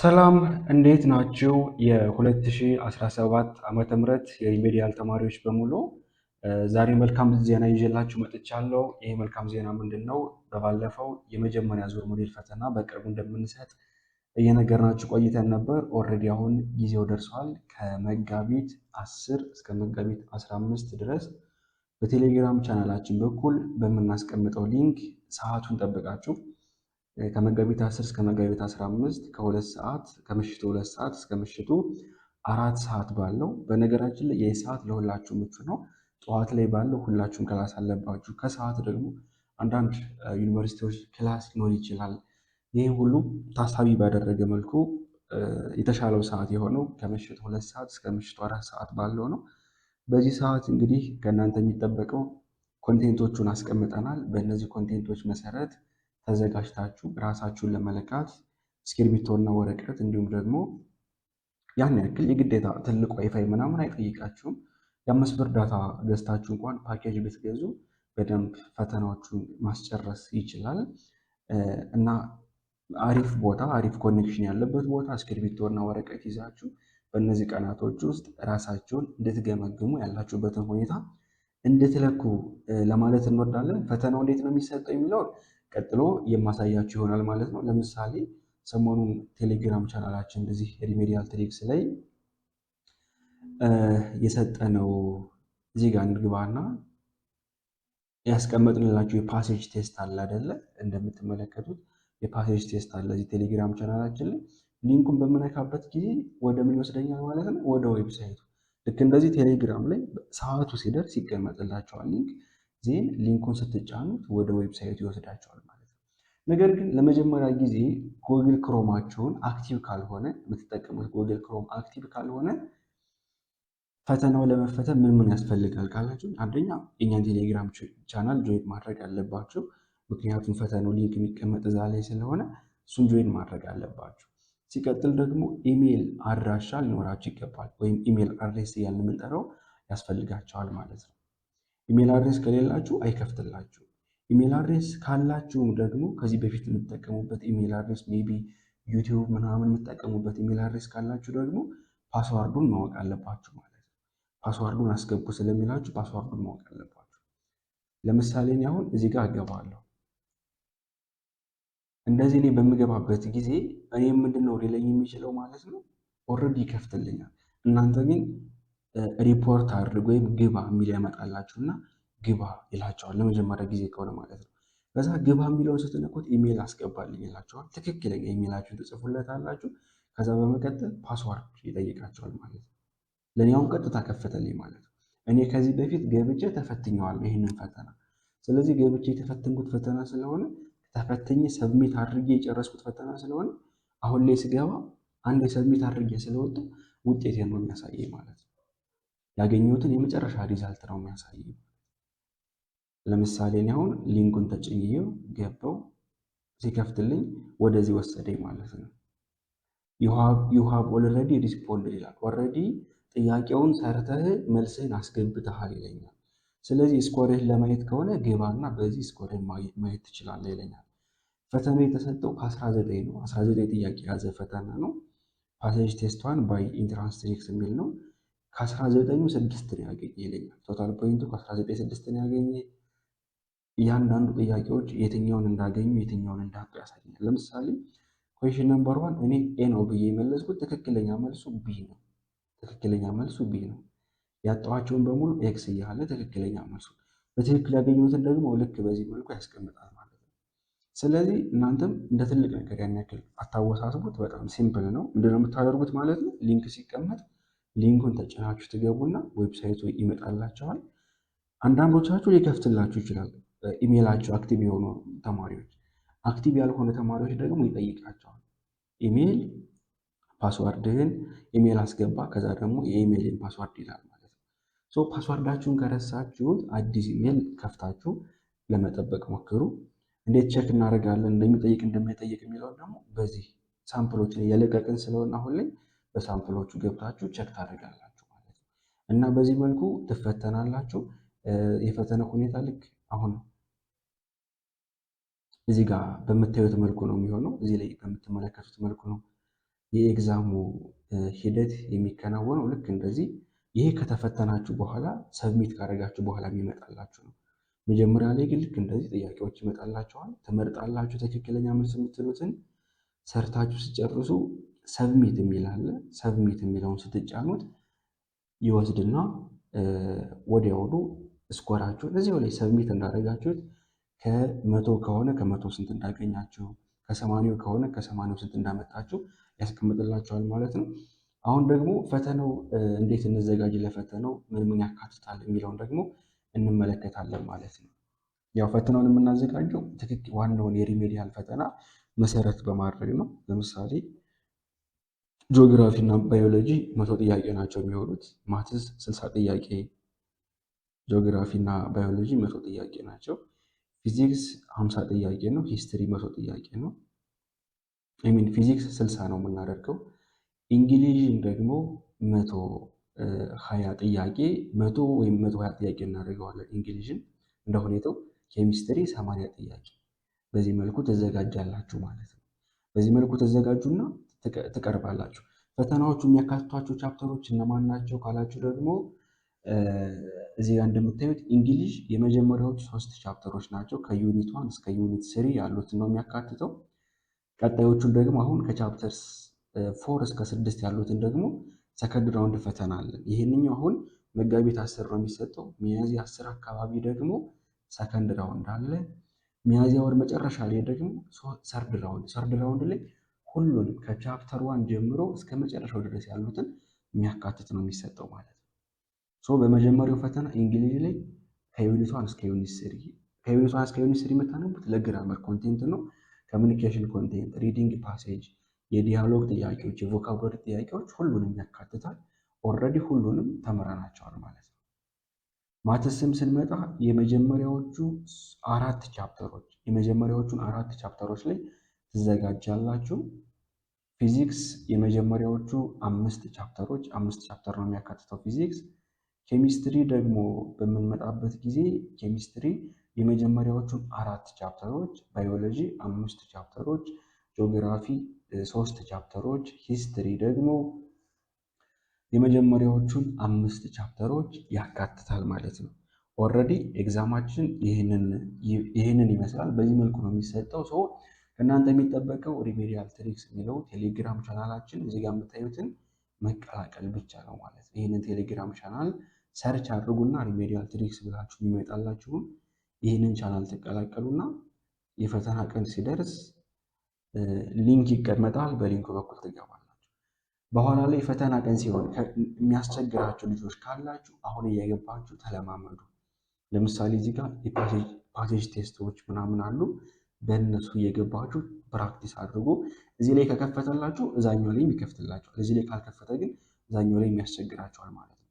ሰላም እንዴት ናችሁ? የ2017 ዓመተ ምህረት የሪሜዲያል ተማሪዎች በሙሉ ዛሬ መልካም ዜና ይዤላችሁ መጥቻለሁ። ይሄ መልካም ዜና ምንድን ነው? በባለፈው የመጀመሪያ ዙር ሞዴል ፈተና በቅርቡ እንደምንሰጥ እየነገርናችሁ ቆይተን ነበር። ኦልሬዲ አሁን ጊዜው ደርሷል። ከመጋቢት 10 እስከ መጋቢት 15 ድረስ በቴሌግራም ቻናላችን በኩል በምናስቀምጠው ሊንክ ሰዓቱን ጠብቃችሁ ከመጋቢት 10 እስከ መጋቢት 15 ከሁለት ሰዓት ከምሽቱ ሁለት ሰዓት እስከ ምሽቱ አራት ሰዓት ባለው በነገራችን ላይ ይህ ሰዓት ለሁላችሁ ምቹ ነው። ጠዋት ላይ ባለው ሁላችሁም ክላስ አለባችሁ። ከሰዓት ደግሞ አንዳንድ ዩኒቨርሲቲዎች ክላስ ሊኖር ይችላል። ይህ ሁሉ ታሳቢ ባደረገ መልኩ የተሻለው ሰዓት የሆነው ከምሽቱ ሁለት ሰዓት እስከ ምሽቱ አራት ሰዓት ባለው ነው። በዚህ ሰዓት እንግዲህ ከእናንተ የሚጠበቀው ኮንቴንቶቹን አስቀምጠናል። በእነዚህ ኮንቴንቶች መሰረት ተዘጋጅታችሁ ራሳችሁን ለመለካት እስክርቢቶና ወረቀት እንዲሁም ደግሞ ያን ያክል የግዴታ ትልቅ ዋይፋይ ምናምን አይጠይቃችሁም። የአምስት ብር ዳታ ገዝታችሁ እንኳን ፓኬጅ ብትገዙ በደንብ ፈተናዎቹን ማስጨረስ ይችላል እና አሪፍ ቦታ አሪፍ ኮኔክሽን ያለበት ቦታ እስክርቢቶና ወረቀት ይዛችሁ በእነዚህ ቀናቶች ውስጥ ራሳችሁን እንድትገመግሙ ያላችሁበትን ሁኔታ እንድትለኩ ለማለት እንወዳለን። ፈተናው እንዴት ነው የሚሰጠው የሚለውን ቀጥሎ የማሳያችሁ ይሆናል ማለት ነው። ለምሳሌ ሰሞኑን ቴሌግራም ቻናላችን እንደዚህ ሪሜዲያል ትሪክስ ላይ የሰጠነው ዜጋ ጋር እንግባና ያስቀመጥንላችሁ የፓሴጅ ቴስት አለ አይደለ? እንደምትመለከቱት የፓሴጅ ቴስት አለ እዚህ ቴሌግራም ቻናላችን ላይ ሊንኩን በምነካበት ጊዜ ወደ ምን ይወስደኛል ማለት ነው? ወደ ዌብሳይቱ። ልክ እንደዚህ ቴሌግራም ላይ ሰዓቱ ሲደርስ ይቀመጥላቸዋል ሊንክ ዜን ሊንኩን ስትጫኑት ወደ ዌብሳይቱ ይወስዳቸዋል ማለት ነው። ነገር ግን ለመጀመሪያ ጊዜ ጎግል ክሮማችሁን አክቲቭ ካልሆነ የምትጠቀሙት ጎግል ክሮም አክቲቭ ካልሆነ ፈተናው ለመፈተን ምን ምን ያስፈልጋል ካላችሁ፣ አንደኛ የእኛን ቴሌግራም ቻናል ጆይን ማድረግ አለባችሁ። ምክንያቱም ፈተናው ሊንክ የሚቀመጥ እዛ ላይ ስለሆነ እሱን ጆይን ማድረግ አለባችሁ። ሲቀጥል ደግሞ ኢሜይል አድራሻ ሊኖራችሁ ይገባል፣ ወይም ኢሜይል አድሬስ እያልን የምንጠራው ያስፈልጋቸዋል ማለት ነው። ኢሜል አድሬስ ከሌላችሁ አይከፍትላችሁ። ኢሜል አድሬስ ካላችሁም ደግሞ ከዚህ በፊት የምትጠቀሙበት ኢሜል አድሬስ ሜይ ቢ ዩቲዩብ ምናምን የምትጠቀሙበት ኢሜል አድሬስ ካላችሁ ደግሞ ፓስዋርዱን ማወቅ አለባችሁ ማለት ነው። ፓስዋርዱን አስገቡ ስለሚላችሁ ፓስዋርዱን ማወቅ አለባችሁ። ለምሳሌ እኔ አሁን እዚህ ጋር እገባለሁ። እንደዚህ እኔ በምገባበት ጊዜ እኔ ምንድነው ሊለኝ የሚችለው ማለት ነው ኦልሬዲ ይከፍትልኛል። እናንተ ግን ሪፖርት አድርግ ወይም ግባ የሚል ያመጣላችሁ እና ግባ ይላቸዋል። ለመጀመሪያ ጊዜ ከሆነ ማለት ነው። በዛ ግባ የሚለውን ስትነኩት ኢሜይል አስገባልኝ ይላቸዋል። ትክክለኛ ኢሜይላችሁን ትጽፉለታላችሁ። ከዛ በመቀጠል ፓስዋርድ ይጠይቃቸዋል ማለት ነው። ለእኔ አሁን ቀጥታ ከፈተልኝ ማለት ነው። እኔ ከዚህ በፊት ገብቼ ተፈትኘዋል ይህንን ፈተና። ስለዚህ ገብቼ የተፈተንኩት ፈተና ስለሆነ ተፈትኜ ሰብሚት አድርጌ የጨረስኩት ፈተና ስለሆነ አሁን ላይ ስገባ አንድ ሰብሚት አድርጌ ስለወጡ ውጤት ነው የሚያሳየኝ ማለት ነው። ያገኘሁትን የመጨረሻ ሪዛልት ነው የሚያሳየው። ለምሳሌ እኔ አሁን ሊንኩን ተጭኝየው ገባው ሲከፍትልኝ ወደዚህ ወሰደኝ ማለት ነው። ዩሃብ ኦልሬዲ ሪስፖንድ ይላል። ኦልሬዲ ጥያቄውን ሰርተህ መልስህን አስገብተሃል ይለኛል። ስለዚህ ስኮርህን ለማየት ከሆነ ግባና በዚህ ስኮርህን ማየት ትችላለህ ይለኛል። ፈተና የተሰጠው ከ19 ነው። 19 ጥያቄ የያዘ ፈተና ነው። ፓሴጅ ቴስቷን ባይ ኢንትራንስ ትሪክስ የሚል ነው። ከ 19 ስድስት ነው ያገኘ ይለኛል። ቶታል ፖይንቱ ከ19 ስድስት ነው ያገኘ። እያንዳንዱ ጥያቄዎች የትኛውን እንዳገኙ የትኛውን እንዳጡ ያሳየኛል። ለምሳሌ ኮሽን ነምበር ዋን እኔ ኤ ነው ብዬ የመለስኩት ትክክለኛ መልሱ ቢ ነው። ትክክለኛ መልሱ ቢ ነው። ያጠዋቸውን በሙሉ ኤክስ እያለ ትክክለኛ መልሱ በትክክል ያገኙትን ደግሞ ልክ በዚህ መልኩ ያስቀምጣል ማለት ነው። ስለዚህ እናንተም እንደ ትልቅ ነገር ያን ያክል አታወሳስቡት። በጣም ሲምፕል ነው። ምንድነው የምታደርጉት ማለት ነው ሊንክ ሲቀመጥ ሊንኩን ተጭናችሁ ትገቡና ዌብሳይቱ ይመጣላችኋል። አንዳንዶቻችሁ ሊከፍትላችሁ ይችላል። ኢሜይላቸው አክቲቭ የሆኑ ተማሪዎች፣ አክቲቭ ያልሆነ ተማሪዎች ደግሞ ይጠይቃቸዋል። ኢሜይል ፓስዋርድህን ኢሜይል አስገባ፣ ከዛ ደግሞ የኢሜይልን ፓስዋርድ ይላል ማለት ነው። ፓስዋርዳችሁን ከረሳችሁት አዲስ ኢሜይል ከፍታችሁ ለመጠበቅ ሞክሩ። እንዴት ቸክ እናደርጋለን እንደሚጠይቅ እንደማይጠይቅ የሚለውን ደግሞ በዚህ ሳምፕሎችን እየለቀቅን ስለሆነ አሁን ላይ በሳምፕሎቹ ገብታችሁ ቸክ ታደርጋላችሁ ማለት ነው። እና በዚህ መልኩ ትፈተናላችሁ። የፈተነ ሁኔታ ልክ አሁን እዚህ ጋር በምታዩት መልኩ ነው የሚሆነው። እዚህ ላይ በምትመለከቱት መልኩ ነው የኤግዛሙ ሂደት የሚከናወነው። ልክ እንደዚህ ይሄ ከተፈተናችሁ በኋላ ሰብሚት ካደረጋችሁ በኋላ የሚመጣላችሁ ነው። መጀመሪያ ላይ ግን ልክ እንደዚህ ጥያቄዎች ይመጣላችኋል። ትመርጣላችሁ ትክክለኛ መልስ የምትሉትን ሰርታችሁ ሲጨርሱ ሰብሚት የሚል አለ። ሰብሚት የሚለውን ስትጫኑት ይወስድና ወዲያውኑ ስኮራችሁን እዚያው ላይ ሰብሚት እንዳደረጋችሁት ከመቶ ከሆነ ከመቶ ስንት እንዳገኛችሁ ከሰማኒው ከሆነ ከሰማኒው ስንት እንዳመጣችሁ ያስቀምጥላችኋል ማለት ነው። አሁን ደግሞ ፈተናው እንዴት እንዘጋጅ፣ ለፈተናው ምን ምን ያካትታል የሚለውን ደግሞ እንመለከታለን ማለት ነው። ያው ፈተናውን የምናዘጋጀው ትክክል ዋናውን የሪሜዲያል ፈተና መሰረት በማድረግ ነው። ለምሳሌ ጂኦግራፊ እና ባዮሎጂ መቶ ጥያቄ ናቸው የሚሆኑት። ማትስ ስልሳ ጥያቄ፣ ጂኦግራፊ እና ባዮሎጂ መቶ ጥያቄ ናቸው። ፊዚክስ ሀምሳ ጥያቄ ነው። ሂስትሪ መቶ ጥያቄ ነው። ሚን ፊዚክስ ስልሳ ነው የምናደርገው። እንግሊዥን ደግሞ መቶ ሀያ ጥያቄ መቶ ወይም መቶ ሀያ ጥያቄ እናደርገዋለን። እንግሊዥን እንደ ሁኔታው ኬሚስትሪ ሰማንያ ጥያቄ። በዚህ መልኩ ተዘጋጃላችሁ ማለት ነው። በዚህ መልኩ ተዘጋጁና ትቀርባላችሁ። ፈተናዎቹ የሚያካትቷቸው ቻፕተሮች እነማን ናቸው ካላችሁ ደግሞ እዚህ ጋር እንደምታዩት እንግሊዥ የመጀመሪያዎቹ ሶስት ቻፕተሮች ናቸው። ከዩኒት ዋን እስከ ዩኒት ስሪ ያሉትን ነው የሚያካትተው። ቀጣዮቹን ደግሞ አሁን ከቻፕተር ፎር እስከ ስድስት ያሉትን ደግሞ ሰከንድ ራውንድ ፈተና አለን። ይህንኛው አሁን መጋቢት አስር ነው የሚሰጠው። ሚያዝያ አስር አካባቢ ደግሞ ሰከንድ ራውንድ አለ። ሚያዝያ ወር መጨረሻ ላይ ደግሞ ሰርድ ራውንድ ሰርድ ራውንድ ላይ ሁሉንም ከቻፕተር ዋን ጀምሮ እስከ መጨረሻው ድረስ ያሉትን የሚያካትት ነው የሚሰጠው ማለት ነው። በመጀመሪያው ፈተና እንግሊዝ ላይ ከዩኒቷን እስከ ዩኒት ስሪ ከዩኒት እስከ ዩኒት ስሪ የምታነቡት ለግራመር ኮንቴንት ነው። ኮሚኒኬሽን ኮንቴንት፣ ሪዲንግ ፓሴጅ፣ የዲያሎግ ጥያቄዎች፣ የቮካብላሪ ጥያቄዎች ሁሉንም ያካትታል። ኦልሬዲ ሁሉንም ተምረናቸዋል ማለት ነው። ማተስም ስንመጣ የመጀመሪያዎቹ አራት ቻፕተሮች የመጀመሪያዎቹን አራት ቻፕተሮች ላይ ትዘጋጃላችሁ። ፊዚክስ የመጀመሪያዎቹ አምስት ቻፕተሮች አምስት ቻፕተር ነው የሚያካትተው ፊዚክስ። ኬሚስትሪ ደግሞ በምንመጣበት ጊዜ ኬሚስትሪ የመጀመሪያዎቹ አራት ቻፕተሮች፣ ባዮሎጂ አምስት ቻፕተሮች፣ ጂኦግራፊ ሶስት ቻፕተሮች፣ ሂስትሪ ደግሞ የመጀመሪያዎቹን አምስት ቻፕተሮች ያካትታል ማለት ነው። ኦልሬዲ ኤግዛማችን ይህንን ይመስላል። በዚህ መልኩ ነው የሚሰጠው ሰው ከእናንተ የሚጠበቀው ሪሜዲያል ትሪክስ የሚለው ቴሌግራም ቻናላችን እዚህ ጋር የምታዩትን መቀላቀል ብቻ ነው ማለት ነው። ይህንን ቴሌግራም ቻናል ሰርች አድርጉና ሪሜዲያል ትሪክስ ብላችሁ የሚመጣላችሁን ይህንን ቻናል ትቀላቀሉና የፈተና ቀን ሲደርስ ሊንክ ይቀመጣል። በሊንኩ በኩል ትገባላችሁ። በኋላ ላይ የፈተና ቀን ሲሆን የሚያስቸግራችሁ ልጆች ካላችሁ አሁን እየገባችሁ ተለማመዱ። ለምሳሌ እዚህ ጋር የፓሴጅ ቴስቶች ምናምን አሉ። በእነሱ እየገባችሁ ፕራክቲስ አድርጉ። እዚህ ላይ ከከፈተላችሁ እዛኛው ላይ ይከፍትላችኋል። እዚህ ላይ ካልከፈተ ግን እዛኛው ላይ ያስቸግራችኋል ማለት ነው።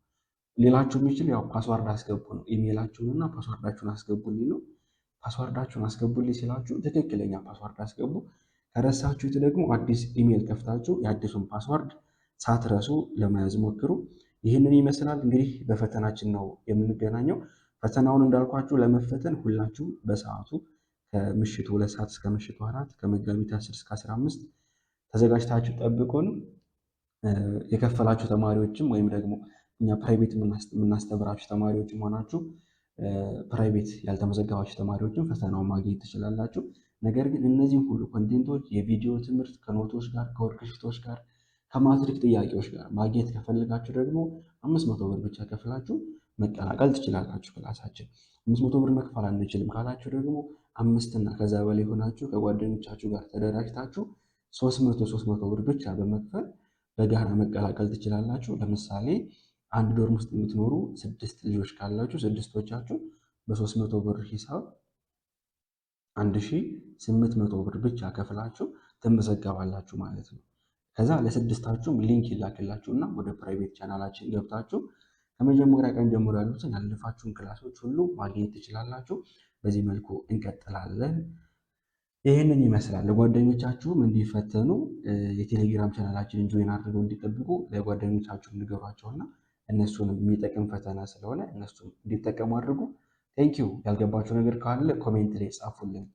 ሌላችሁ የሚችል ያው ፓስዋርድ አስገቡ ነው። ኢሜይላችሁንና ፓስዋርዳችሁን አስገቡልኝ ነው። ፓስዋርዳችሁን አስገቡልኝ ሲላችሁ ትክክለኛ ፓስዋርድ አስገቡ። ከረሳችሁት ደግሞ አዲስ ኢሜይል ከፍታችሁ የአዲሱን ፓስዋርድ ሳትረሱ ለመያዝ ሞክሩ። ይህንን ይመስላል እንግዲህ በፈተናችን ነው የምንገናኘው። ፈተናውን እንዳልኳችሁ ለመፈተን ሁላችሁም በሰዓቱ ከምሽቱ ሁለት ሰዓት እስከ ምሽቱ አራት ከመጋቢት አስር እስከ አስራ አምስት ተዘጋጅታችሁ ጠብቁን። የከፈላችሁ ተማሪዎችም ወይም ደግሞ እኛ ፕራይቬት የምናስተምራችሁ ተማሪዎችም ሆናችሁ ፕራይቬት ያልተመዘገባችሁ ተማሪዎችም ፈተናውን ማግኘት ትችላላችሁ። ነገር ግን እነዚህም ሁሉ ኮንቴንቶች የቪዲዮ ትምህርት ከኖቶች ጋር ከወርክሽቶች ጋር ከማትሪክ ጥያቄዎች ጋር ማግኘት ከፈልጋችሁ ደግሞ አምስት መቶ ብር ብቻ ከፍላችሁ መቀላቀል ትችላላችሁ። ክላሳችን አምስት መቶ ብር መክፈል አንችልም ካላችሁ ደግሞ አምስት እና ከዛ በላይ ሆናችሁ ከጓደኞቻችሁ ጋር ተደራጅታችሁ 300 መቶ መቶ ብር ብቻ በመክፈል በጋራ መቀላቀል ትችላላችሁ። ለምሳሌ አንድ ዶርም ውስጥ የምትኖሩ ስድስት ልጆች ካላችሁ ስድስቶቻችሁ በ300 ብር ሂሳብ 1800 ሺ መቶ ብር ብቻ ከፍላችሁ ትመዘገባላችሁ ማለት ነው። ከዛ ለስድስታችሁም ሊንክ ይላክላችሁ እና ወደ ፕራይቬት ቻናላችን ገብታችሁ ከመጀመሪያ ቀን ጀምሮ ያሉትን ያለፋችሁን ክላሶች ሁሉ ማግኘት ትችላላችሁ። በዚህ መልኩ እንቀጥላለን። ይህንን ይመስላል። ለጓደኞቻችሁም እንዲፈተኑ የቴሌግራም ቻናላችንን ጆይን አድርገው እንዲጠብቁ ለጓደኞቻችሁ ንገሯቸውና እነሱንም የሚጠቅም ፈተና ስለሆነ እነሱም እንዲጠቀሙ አድርጉ። ቴንኪው። ያልገባችሁ ነገር ካለ ኮሜንት ላይ ጻፉልን።